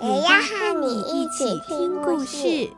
也要和你一起聽故事。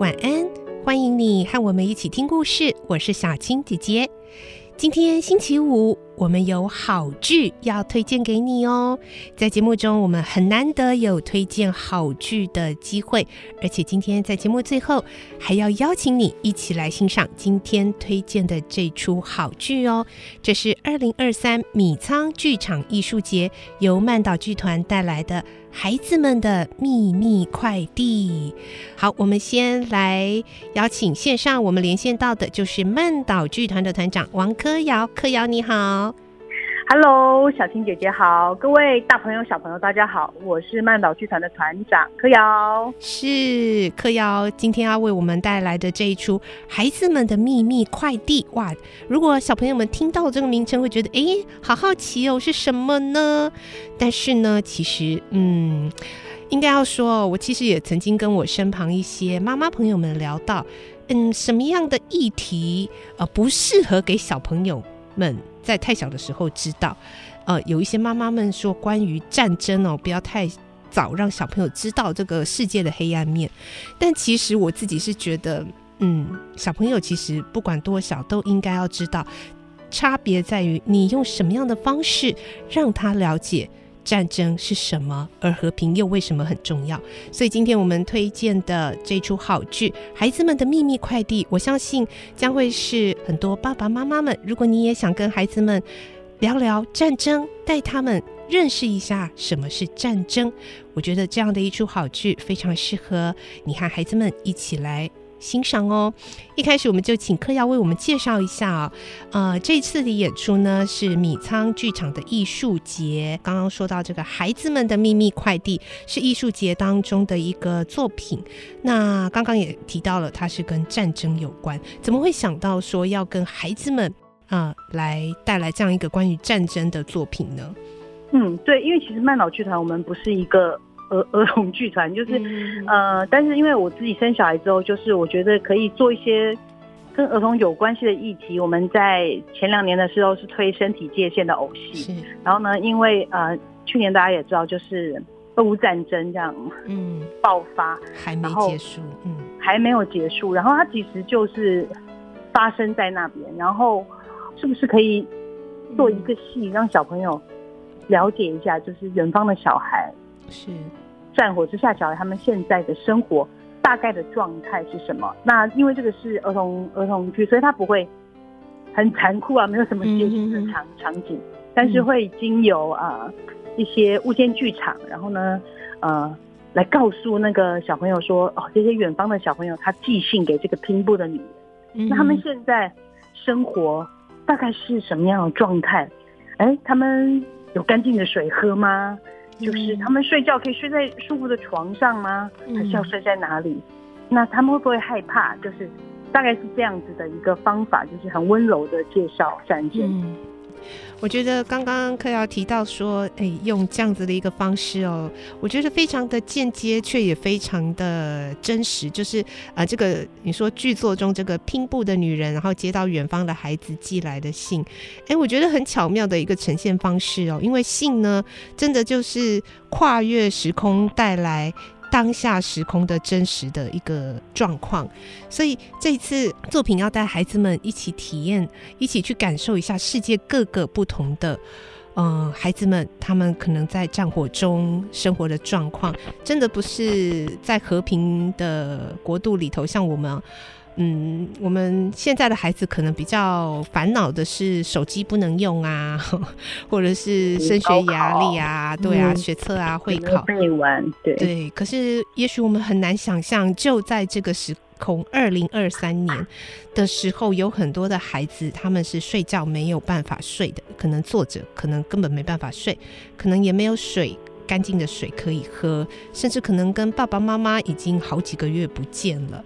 晚安，歡迎你和我們一起聽故事。我是小青姐姐，今天星期五。我們有好劇要推薦給你哦，在節目中我們很難得有推薦好劇的機會，而且今天在節目最後還要邀請你一起來欣賞今天推薦的這出好劇哦。這是二零二三米倉劇場藝術節由曼島劇團帶來的。孩子們的秘密快遞。好，我們先來邀請線上，我們連線到的就是曼島劇團的團長王珂瑤。珂瑤，你好。Hello，小青姐姐好，各位大朋友小朋友大家好，我是曼島劇團的團長柯瑤，是柯瑤。今天要為我們帶來的這一出《孩子們的秘密快遞》哇！如果小朋友們聽到這個名稱，會覺得哎、欸，好好奇哦，是什麼呢？但是呢，其實嗯，應該要說，我其實也曾經跟我身旁一些媽媽朋友們聊到，嗯，什麼樣的議題呃不適合給小朋友？們在太小的時候知道，呃，有一些媽媽們說關於戰爭哦，不要太早讓小朋友知道這個世界的黑暗面。但其實我自己是覺得，嗯，小朋友其實不管多小都應該要知道，差別在於你用什麼樣的方式讓他了解。戰爭是什麼？而和平又為什麼很重要？所以今天我們推薦的這出好劇《孩子們的秘密快遞》，我相信將會是很多爸爸媽媽們，如果你也想跟孩子們聊聊戰爭，帶他們認識一下什麼是戰爭，我覺得這樣的一出好劇非常適合你和孩子們一起來。欣賞哦！一開始我們就請客要為我們介紹一下啊、哦，呃，這次的演出呢，是米倉劇場的藝術節。剛剛說到這個孩子們的秘密快遞是藝術節當中的一個作品，那剛剛也提到了它是跟戰爭有關，怎麼會想到說要跟孩子們啊、呃、來帶來這樣一個關於戰爭的作品呢？嗯，對，因為其實慢島劇團我們不是一個。兒兒童劇團就是，嗯，呃，但是因為我自己生小孩之後，就是我覺得可以做一些跟兒童有關係的議題。我們在前兩年的時候是推身體界限的偶戲，然後呢，因為呃去年大家也知道，就是俄烏戰爭這樣，嗯，爆發還沒結束，嗯，還沒有結束，嗯。然後它其實就是發生在那邊，然後是不是可以做一個戲，嗯，讓小朋友了解一下，就是遠方的小孩是。戰火之下，小孩他們現在的生活大概的狀態是什麼？那因為這個是兒童兒童劇，所以他不會很殘酷啊，沒有什麼血腥的場嗯嗯場景，但是會經由啊、呃、一些物件劇場，然後呢，呃，來告訴那個小朋友說，哦，這些遠方的小朋友他寄信給這個拼布的女人嗯嗯，那他們現在生活大概是什麼樣的狀態？哎、欸，他們有乾淨的水喝嗎？就是他們睡覺可以睡在舒服的床上嗎？嗯，還是要睡在哪裡？那他們會不會害怕？就是大概是這樣子的一個方法，就是很溫柔的介紹戰爭。我覺得剛剛柯瑤提到說，誒、欸，用這樣子的一個方式哦、喔，我覺得非常的間接，卻也非常的真實。就是啊、呃，這個你說劇作中這個拼布的女人，然後接到遠方的孩子寄來的信，誒、欸，我覺得很巧妙的一個呈現方式哦、喔，因為信呢，真的就是跨越時空帶來。當下時空的真實的一個狀況，所以這一次作品要帶孩子們一起體驗，一起去感受一下世界各個不同的，嗯、呃，孩子們他們可能在戰火中生活的狀況，真的不是在和平的國度裡頭，像我們。嗯，我們現在的孩子可能比較煩惱的是手機不能用啊，或者是升學壓力啊，對啊、嗯，學測啊，會考。背完對對，可是也許我們很難想象，就在這個時空，二零二三年的時候，有很多的孩子他們是睡覺沒有辦法睡的，可能坐着，可能根本沒辦法睡，可能也沒有水，乾淨的水可以喝，甚至可能跟爸爸媽媽已經好幾個月不見了。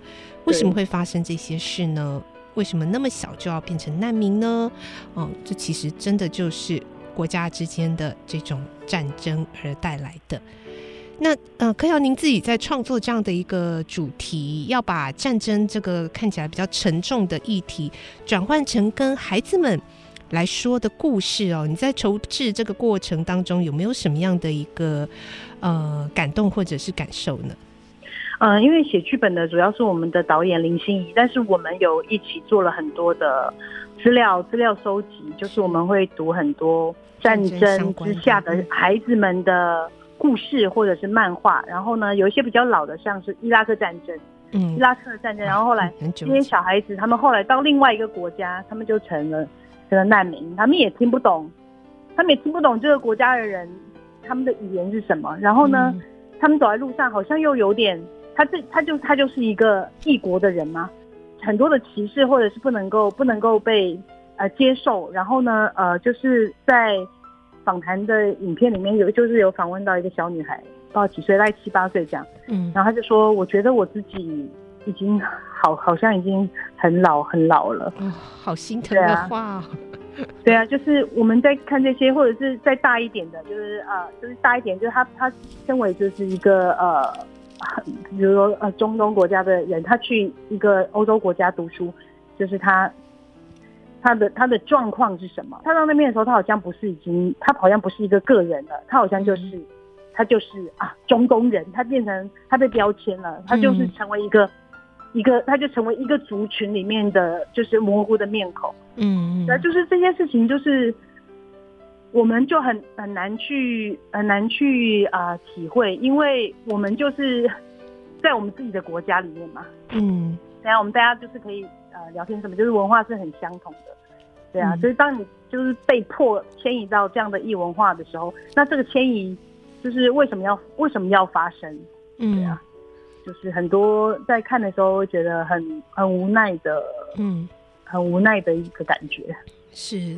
為什麼會發生這些事呢？為什麼那麼小就要變成難民呢？哦、嗯，這其實真的就是國家之間的這種戰爭而帶來的。那呃，柯曉，您自己在創作這樣的一個主題，要把戰爭這個看起來比較沉重的議題，轉換成跟孩子們來說的故事哦。你在籌製這個過程當中，有沒有什麼樣的一個呃感動或者是感受呢？嗯，因為寫劇本的主要是我們的導演林心怡，但是我們有一起做了很多的資料資料收集，就是我們會讀很多戰爭之下的孩子們的故事或者是漫畫，然後呢，有一些比較老的，像是伊拉克戰爭，嗯、伊拉克戰爭，然後後來、啊、這些小孩子他們後來到另外一個國家，他們就成了成了難民，他們也聽不懂，他們也聽不懂這個國家的人他們的語言是什麼，然後呢，嗯、他們走在路上好像又有點。他這他就他就是一個異國的人嘛，很多的歧視或者是不能夠不能夠被呃接受。然後呢呃就是在訪談的影片裡面有就是有訪問到一個小女孩，到幾歲大概七八歲這樣，嗯，然後他就說我覺得我自己已經好好像已經很老很老了、哦，好心疼的話，對啊，對啊就是我們在看這些或者是再大一點的，就是啊、呃、就是大一點，就是他他身為就是一個呃。比如說，呃，中東國家的人，他去一個歐洲國家讀書，就是他，他的他的狀況是什麼？他到那邊的時候，他好像不是已經，他好像不是一個個人了，他好像就是，嗯、他就是啊，中東人，他變成他被標籤了，他就是成為一個、嗯、一個，他就成為一個族群裡面的就是模糊的面孔，嗯、嗯，那就是這些事情就是。我們就很很難去很難去啊、呃、體會，因為我們就是在我們自己的國家裡面嘛，嗯，等下我們大家就是可以呃聊天什麼，就是文化是很相同的，對啊，嗯、就是當你就是被迫遷移到這樣的異文化的時候，那這個遷移就是為什麼要為什麼要發生？嗯，對啊、嗯，就是很多在看的時候覺得很很無奈的，嗯，很無奈的一個感覺是。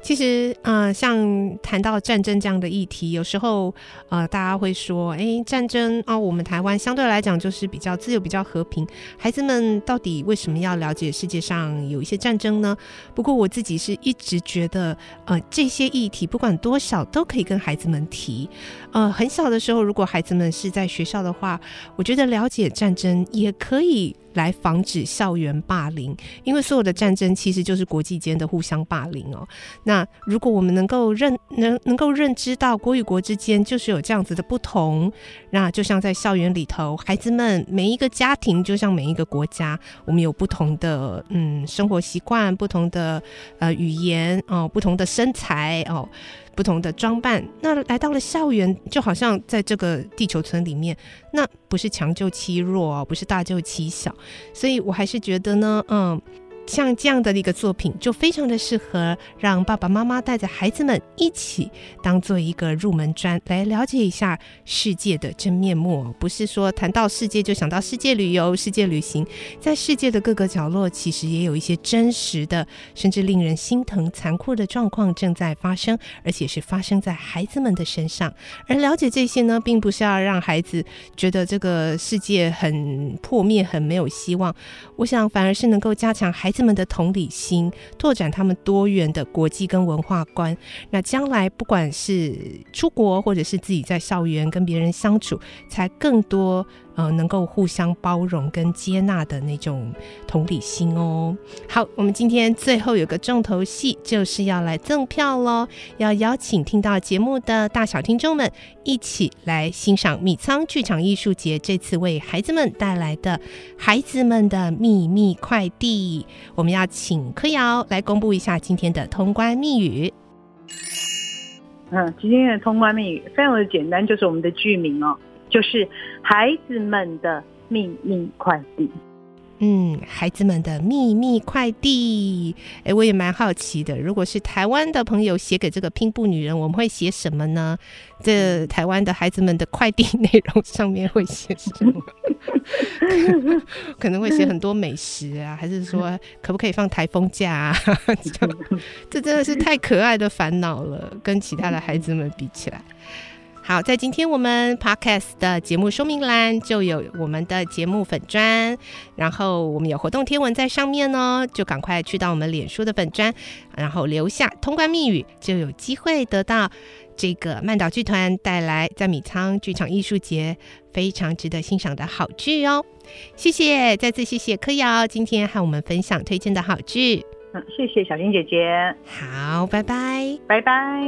其實，嗯、呃，像談到戰爭這樣的議題，有時候，呃，大家會說，誒，戰爭啊、哦，我們台灣相對來講就是比較自由、比較和平。孩子們到底為什麼要了解世界上有一些戰爭呢？不過我自己是一直覺得，呃，這些議題不管多少都可以跟孩子們提。呃，很小的時候，如果孩子們是在學校的話，我覺得了解戰爭也可以。來防止校園霸凌，因為所有的戰爭其實就是國際間的互相霸凌哦。那如果我們能夠認能能夠認知到國與國之間就是有這樣子的不同，那就像在校園裡頭，孩子們每一個家庭就像每一個國家，我們有不同的嗯，生活習慣，不同的呃，語言哦，不同的身材哦。不同的裝扮，那來到了校園，就好像在這個地球村裡面，那不是強就欺弱哦，不是大就欺小，所以我還是覺得呢，嗯。像這樣的一個作品，就非常的適合讓爸爸媽媽帶着孩子們一起當做一個入門磚來了解一下世界的真面目。不是說談到世界就想到世界旅遊、世界旅行，在世界的各個角落，其實也有一些真實的，甚至令人心疼、殘酷的狀況正在發生，而且是發生在孩子們的身上。而了解這些呢，並不是要讓孩子覺得這個世界很破滅、很沒有希望，我想反而是能夠加強孩。孩子們的同理心，拓展他們多元的國際跟文化觀。那將來不管是出國，或者是自己在校園跟別人相處，才更多呃能夠互相包容跟接納的那種同理心哦。好，我們今天最後有個重頭戲，就是要來贈票嘍，要邀請聽到節目的大小聽眾們一起來欣賞米倉劇場藝術節，這次為孩子們帶來的《孩子們的秘密快遞》。我們要請柯瑤來公布一下今天的通關密語。嗯，今天的通關密語非常的簡單，就是我們的劇名哦，就是《孩子們的秘密快遞》。嗯，孩子們的秘密快遞，哎、欸，我也蠻好奇的。如果是台灣的朋友寫給這個拼布女人，我們會寫什麼呢？這台灣的孩子們的快遞內容上面會寫什麼？可能會寫很多美食啊，還是說可不可以放颱風假啊？這真的是太可愛的煩惱了，跟其他的孩子們比起來。好，在今天我們 podcast 的節目說明欄就有我們的節目粉專，然後我們有活動貼文在上面呢、哦。就趕快去到我們臉書的粉專，然後留下通關密語，就有機會得到這個漫島劇團帶來在米倉劇場藝術節非常值得欣賞的好劇哦。謝謝，再次謝謝柯瑤今天和我們分享推薦的好劇。嗯，謝謝小林姐姐。好，拜拜，拜拜。